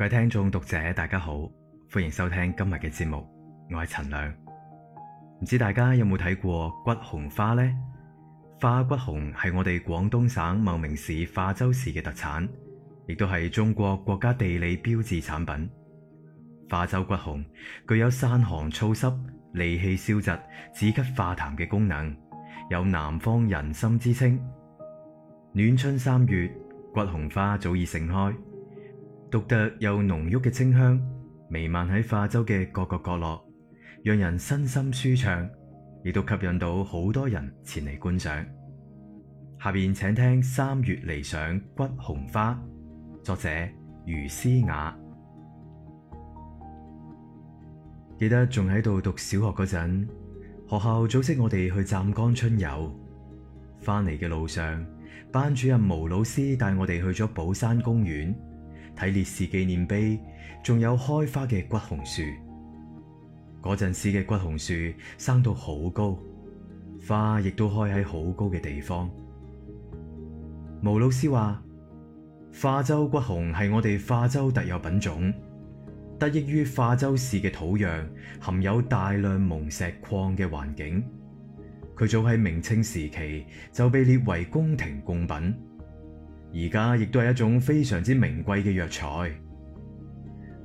各位聽眾讀者，大家好，歡迎收聽今日嘅節目，我係陳亮。唔知大家有冇睇過橘紅花呢？化橘紅係我哋廣東省茂名市化州市嘅特產，亦都係中國國家地理標誌產品。化州橘紅具有散寒燥濕、利氣消積、止咳化痰嘅功能，有南方人參之稱。暖春三月，橘紅花早已盛開。獨特又濃郁嘅清香，彌漫喺化州嘅各個角落，讓人身心舒暢，亦都吸引到好多人前嚟觀賞。下面請聽《三月裏賞橘紅花》，作者余思雅。記得仲喺度讀小學嗰陣，學校組織我哋去湛江春遊，翻嚟嘅路上，班主任毛老師帶我哋去咗寶山公園。睇烈士紀念碑，仲有開花嘅橘紅樹。嗰陣時嘅橘紅樹生到好高，花亦都開喺好高嘅地方。毛老師話：化州橘紅係我哋化州特有品種，得益於化州市嘅土壤含有大量礞石礦嘅環境。佢早喺明清時期就被列為宮廷貢品。而家亦都係一種非常之名貴嘅藥材。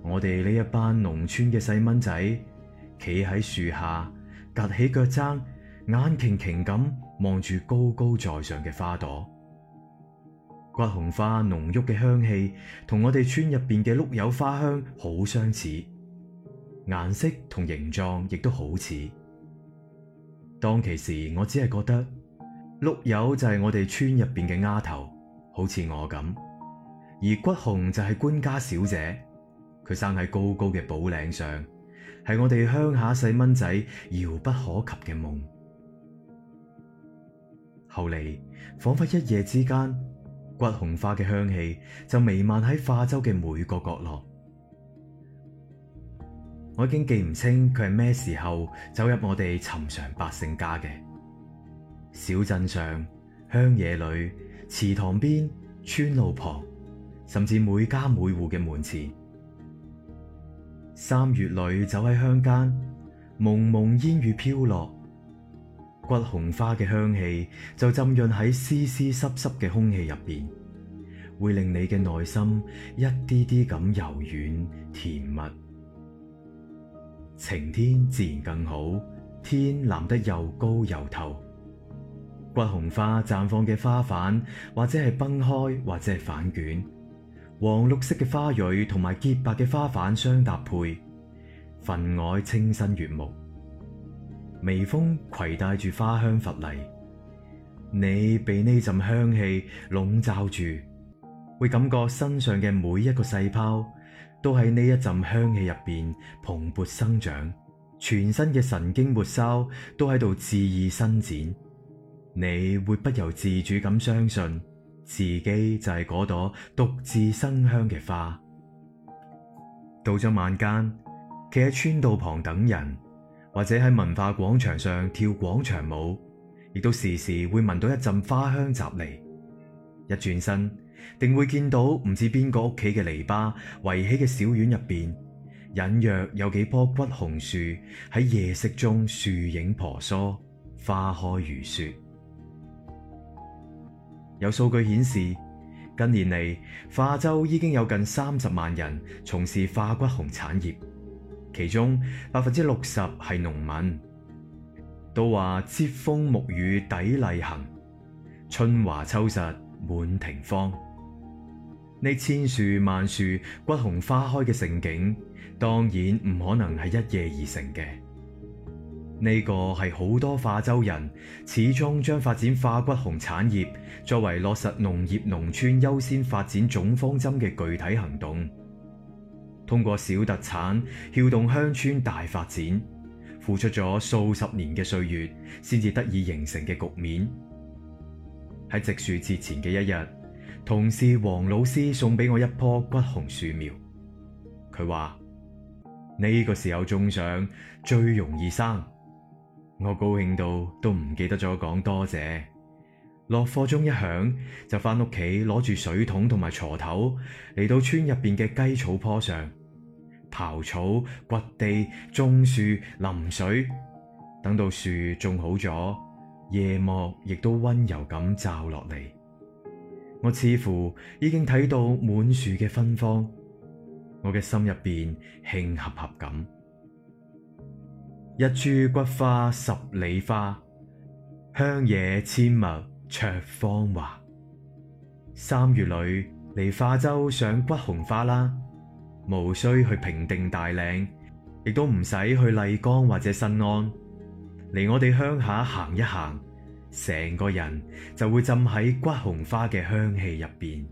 我哋呢一班農村嘅細蚊仔，企喺樹下，趌起腳踭，眼擎擎咁望住高高在上嘅花朵。橘紅花濃郁嘅香氣，同我哋村入邊嘅碌柚花香好相似，顏色同形狀亦都好似。當其時，我只係覺得碌柚就係我哋村入邊嘅丫頭，好似我咁，而橘紅就係官家小姐，佢生喺高高嘅寶嶺上，係我哋鄉下細蚊仔遙不可及嘅夢。後嚟，仿佛一夜之間，橘紅花嘅香氣就彌漫喺化州嘅每個角落。我已經記唔清佢係咩時候走入我哋尋常百姓家嘅小鎮上、鄉野裏。池塘邊、村路旁，甚至每家每戶嘅門前，三月裏走喺鄉間，蒙蒙煙雨飄落，橘紅花嘅香氣就浸潤喺絲絲濕濕嘅空氣入邊，會令你嘅內心一啲啲咁柔軟甜蜜。晴天自然更好，天藍得又高又透。橘紅花綻放嘅花瓣，或者係崩開，或者係反捲。黃綠色嘅花蕊同埋潔白嘅花瓣相搭配，份外清新悅目。微風攜帶住花香拂嚟，你被呢陣香氣籠罩住，會感覺身上嘅每一個細胞都喺呢一陣香氣入邊蓬勃生長，全身嘅神經末梢都喺度恣意伸展。你會不由自主咁相信自己就係嗰朵獨自生香嘅花。到咗晚間，企喺村道旁等人，或者喺文化廣場上跳廣場舞，亦都時時會聞到一陣花香襲嚟。一轉身，定會見到唔知邊個屋企嘅籬笆圍起嘅小院入邊，隱約有幾棵橘紅樹喺夜色中樹影婆娑，花開如雪。有數據顯示，近年嚟化州已經有近三十萬人從事化橘紅產業，其中百分之六十係農民。都話：櫛風沐雨砥礪行，春華秋實滿庭芳。呢千樹萬樹橘紅花開嘅盛景，當然唔可能係一夜而成嘅。呢個係好多化州人始終將發展化橘紅產業作為落實農業農村優先發展總方針嘅具體行動，通過小特產撬動鄉村大發展，付出咗數十年嘅歲月，先至得以形成嘅局面。喺植樹節前嘅一日，同事黃老師送俾我一棵橘紅樹苗，佢話呢個時候種上最容易生。我高興到都唔記得咗講多謝。落課鐘一響，就翻屋企攞住水桶同埋鋤頭嚟到村入邊嘅雞草坡上刨草、掘地、種樹、淋水。等到樹種好咗，夜幕亦都溫柔咁罩落嚟。我似乎已經睇到滿樹嘅芬芳，我嘅心入邊慶合合咁。一樹橘紅十里香，鄉野阡陌灼芳華。三月裏，嚟化州賞橘紅花啦，無需去平定大嶺，亦都唔使去麗江或者新安，嚟我哋鄉下行一行，成個人就會浸喺橘紅花嘅香氣入邊。